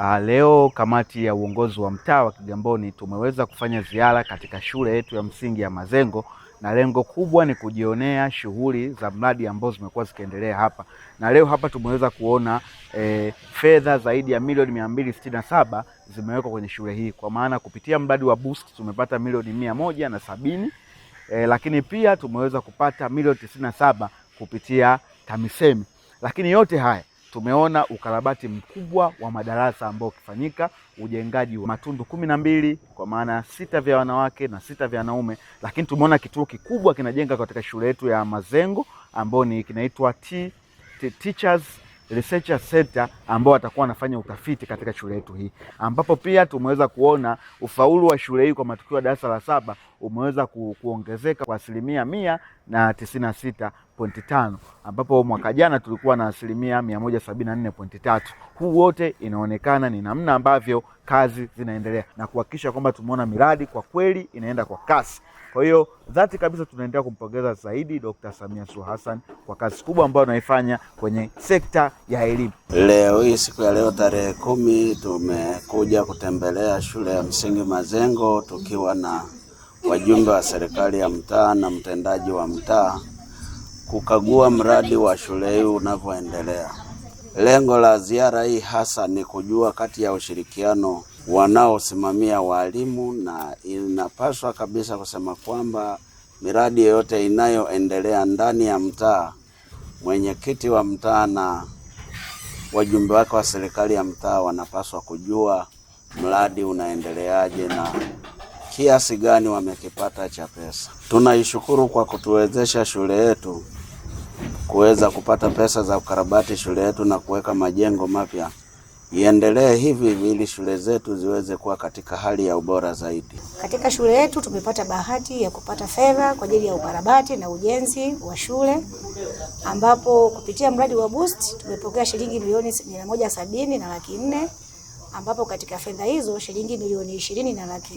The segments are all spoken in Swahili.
Uh, leo kamati ya uongozi wa mtaa wa Kigamboni tumeweza kufanya ziara katika shule yetu ya msingi ya Mazengo na lengo kubwa ni kujionea shughuli za mradi ambazo zimekuwa zikiendelea hapa, na leo hapa tumeweza kuona e, fedha zaidi ya milioni mia mbili sitini na saba zimewekwa kwenye shule hii, kwa maana kupitia mradi wa boost tumepata milioni mia moja na sabini e, lakini pia tumeweza kupata milioni tisini na saba kupitia TAMISEMI, lakini yote haya tumeona ukarabati mkubwa wa madarasa ambao ukifanyika, ujengaji wa matundu kumi na mbili kwa maana sita vya wanawake na sita vya wanaume. Lakini tumeona kituo kikubwa kinajenga katika shule yetu ya Mazengo ambao ni kinaitwa Teachers Research Center ambao watakuwa wanafanya utafiti katika shule yetu hii, ambapo pia tumeweza kuona ufaulu wa shule hii kwa matukio ya darasa la saba umeweza ku, kuongezeka kwa asilimia mia na tisini na sita pointi tano ambapo mwaka jana tulikuwa na asilimia mia moja sabini na nne pointi tatu. Huu wote inaonekana ni namna ambavyo kazi zinaendelea na kuhakikisha kwamba tumeona miradi kwa kweli inaenda kwa kasi. Kwa hiyo dhati kabisa tunaendelea kumpongeza zaidi Dkt. Samia Suluhu Hassan kwa kazi kubwa ambayo anaifanya kwenye sekta ya elimu. Leo hii siku ya leo tarehe kumi tumekuja kutembelea shule ya msingi Mazengo tukiwa na wajumbe wa serikali ya mtaa na mtendaji wa mtaa kukagua mradi wa shule hii unavyoendelea. Lengo la ziara hii hasa ni kujua kati ya ushirikiano wanaosimamia walimu, na inapaswa kabisa kusema kwamba miradi yoyote inayoendelea ndani ya mtaa, mwenyekiti wa mtaa na wajumbe wake wa serikali ya mtaa wanapaswa kujua mradi unaendeleaje na kiasi gani wamekipata cha pesa. Tunaishukuru kwa kutuwezesha shule yetu kuweza kupata pesa za ukarabati shule yetu na kuweka majengo mapya. Iendelee hivi hivi ili shule zetu ziweze kuwa katika hali ya ubora zaidi. Katika shule yetu tumepata bahati ya kupata fedha kwa ajili ya ukarabati na ujenzi wa shule ambapo kupitia mradi wa Boost tumepokea shilingi milioni mia moja sabini na laki nne ambapo katika fedha hizo shilingi milioni ishirini na laki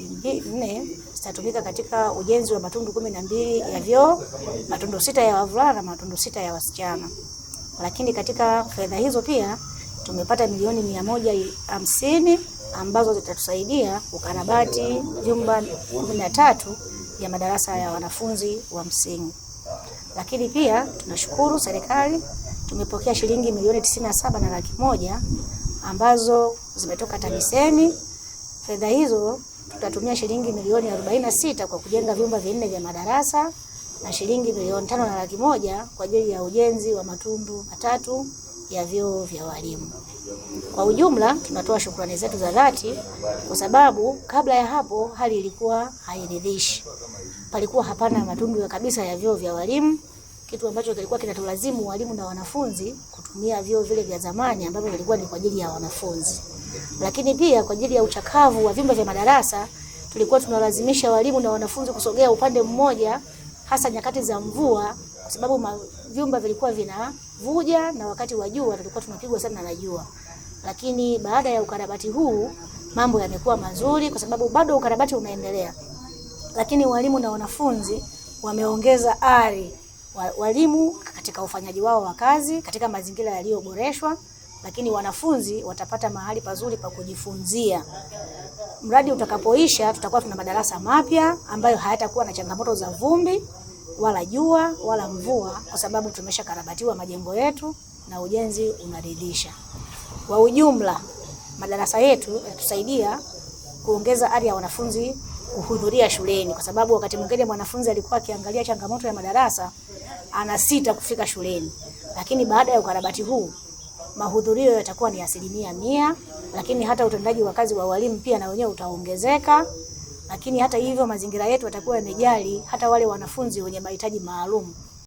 nne zitatumika katika ujenzi wa matundu kumi na mbili ya vyoo, matundu sita ya wavulana na matundu sita ya wasichana. Lakini katika fedha hizo pia tumepata milioni mia moja hamsini ambazo zitatusaidia kukarabati vyumba kumi na tatu ya madarasa ya wanafunzi wa msingi. Lakini pia tunashukuru serikali tumepokea shilingi milioni tisini na saba na laki moja ambazo zimetoka TAMISEMI. Fedha hizo tutatumia shilingi milioni arobaini sita kwa kujenga vyumba vinne vya madarasa na shilingi milioni tano na laki moja kwa ajili ya ujenzi wa matundu matatu ya vyoo vya walimu. Kwa ujumla, tunatoa shukrani zetu za dhati kwa sababu kabla ya hapo hali ilikuwa hairidhishi. Palikuwa hapana matundu ya kabisa ya vyoo vya walimu kitu ambacho kilikuwa kinatulazimu walimu na wanafunzi kutumia vyoo vile vya zamani ambavyo vilikuwa ni kwa ajili ya wanafunzi. Lakini pia kwa ajili ya uchakavu wa vyumba vya madarasa tulikuwa tunalazimisha walimu na wanafunzi kusogea upande mmoja, hasa nyakati za mvua, kwa sababu vyumba vilikuwa vinavuja na wakati wa jua tulikuwa tunapigwa sana na jua. Lakini baada ya ukarabati huu mambo yamekuwa mazuri, kwa sababu bado ukarabati unaendelea, lakini walimu na wanafunzi wameongeza ari walimu katika ufanyaji wao wa kazi katika mazingira yaliyoboreshwa, lakini wanafunzi watapata mahali pazuri pa kujifunzia. Mradi utakapoisha, tutakuwa tuna madarasa mapya ambayo hayatakuwa na changamoto za vumbi wala jua wala mvua, kwa sababu tumeshakarabatiwa majengo yetu na ujenzi unaridhisha. Kwa ujumla, madarasa yetu yatusaidia kuongeza ari ya wanafunzi kuhudhuria shuleni, kwa sababu wakati mwingine mwanafunzi alikuwa akiangalia changamoto ya madarasa ana sita kufika shuleni, lakini baada ya ukarabati huu mahudhurio yatakuwa ni asilimia mia, lakini hata utendaji wa kazi wa walimu pia na wenyewe utaongezeka. Lakini hata hivyo, mazingira yetu yatakuwa yamejali hata wale wanafunzi wenye mahitaji maalum.